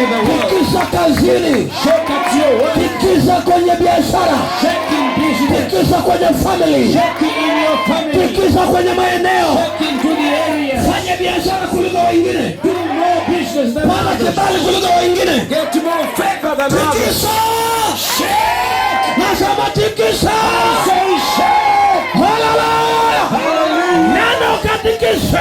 Tikisa kazini, tikisa kwenye biashara, tikisa kwenye family, tikisa kwenye maeneo. Fanya biashara kuliko wengine, pata kibali kuliko wengine. Tikisa, nasema tikisa, nenda ukatikise,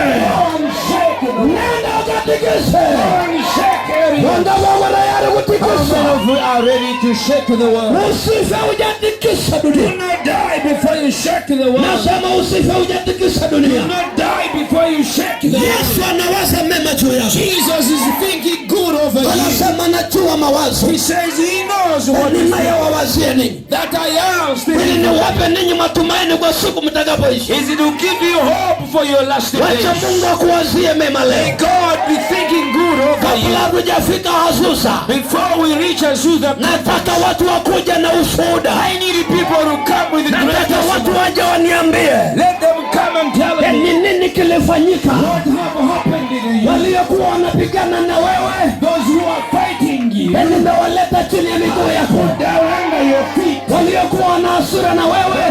nenda ukatikise How many of you are ready to shake the world? Usife hujatikisa Do not die before you shake the world. Nasema usife Do not die before you shake the world. Yesu anawaza mema juu yako. Jesus is thinking Anasema najua mawazo ninayowawazia ninyi, niwape ninyi matumaini kwa siku mtakapoishi. Mungu akuwazie mema leo kabla hatujafika Azusa. Nataka watu wakuja na ushuhuda, watu waja waniambie ni yaani nini kilifanyika, waliokuwa wanapigana na wewe Nitawaleta yaani chini ya miguu yako waliokuwa wana hasira na wewe,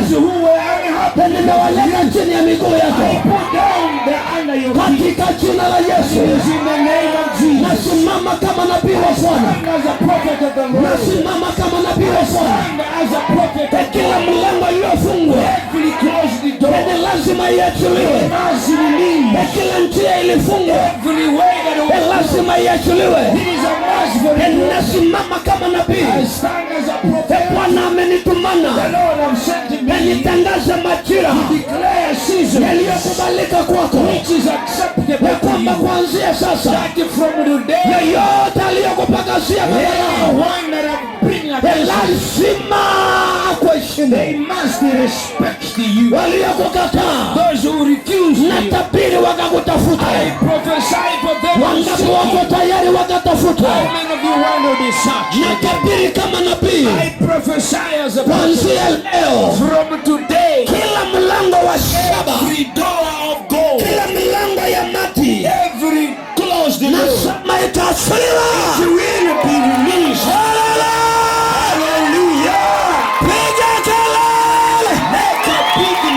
nitawaleta yaani chini ya miguu yako katika jina la Yesu. Nasimama kama nabii wa Bwana, nasimama lazima iachiliwe, na kila njia ilifungwa lazima iachiliwe. Nasimama kama nabii, Bwana amenitumana nanitangaza majira yaliyokubalika kwako, ya kwamba kuanzia sasa yoyote lazima akuheshimu. Waliokukataa natabiri wakakutafuta, wangapi wako tayari wakatafuta? Natabiri kama nabii kuanzia leo, kila mlango wa shaba itapasuliwa, piga kelele, pokea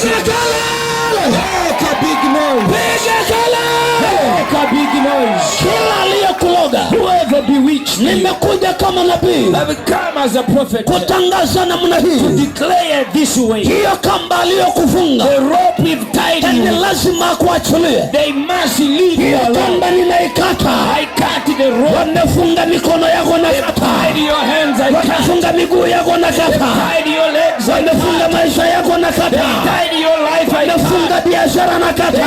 hiyo nimekuja kama nabii kutangaza namna hii, hiyo kamba aliyokufunga tena lazima kuachilie. Hiyo kamba ninaikata, wamefunga mikono yako na kata, wamefunga miguu yako na kata, wamefunga maisha yako na kata wamefunga biashara na kata,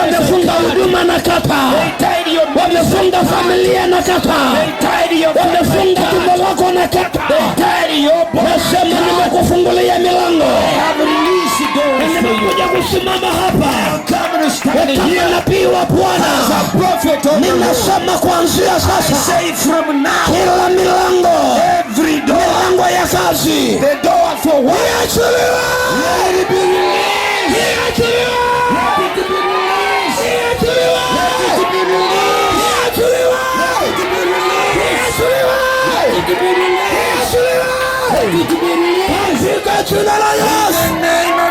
wamefunga huduma na kata, wamefunga familia na kata, wamefunga tumbo lako na kata. Nasema nimekufungulia milango, nimekuja kusimama hapa kama nabii wa Bwana. Ninasema kuanzia sasa, kila milango, milango ya kazi iachiliwe. You Kutubirini. Kutubirini. Kutubirini. Kutubirini. Kutubirini. Kutubirini.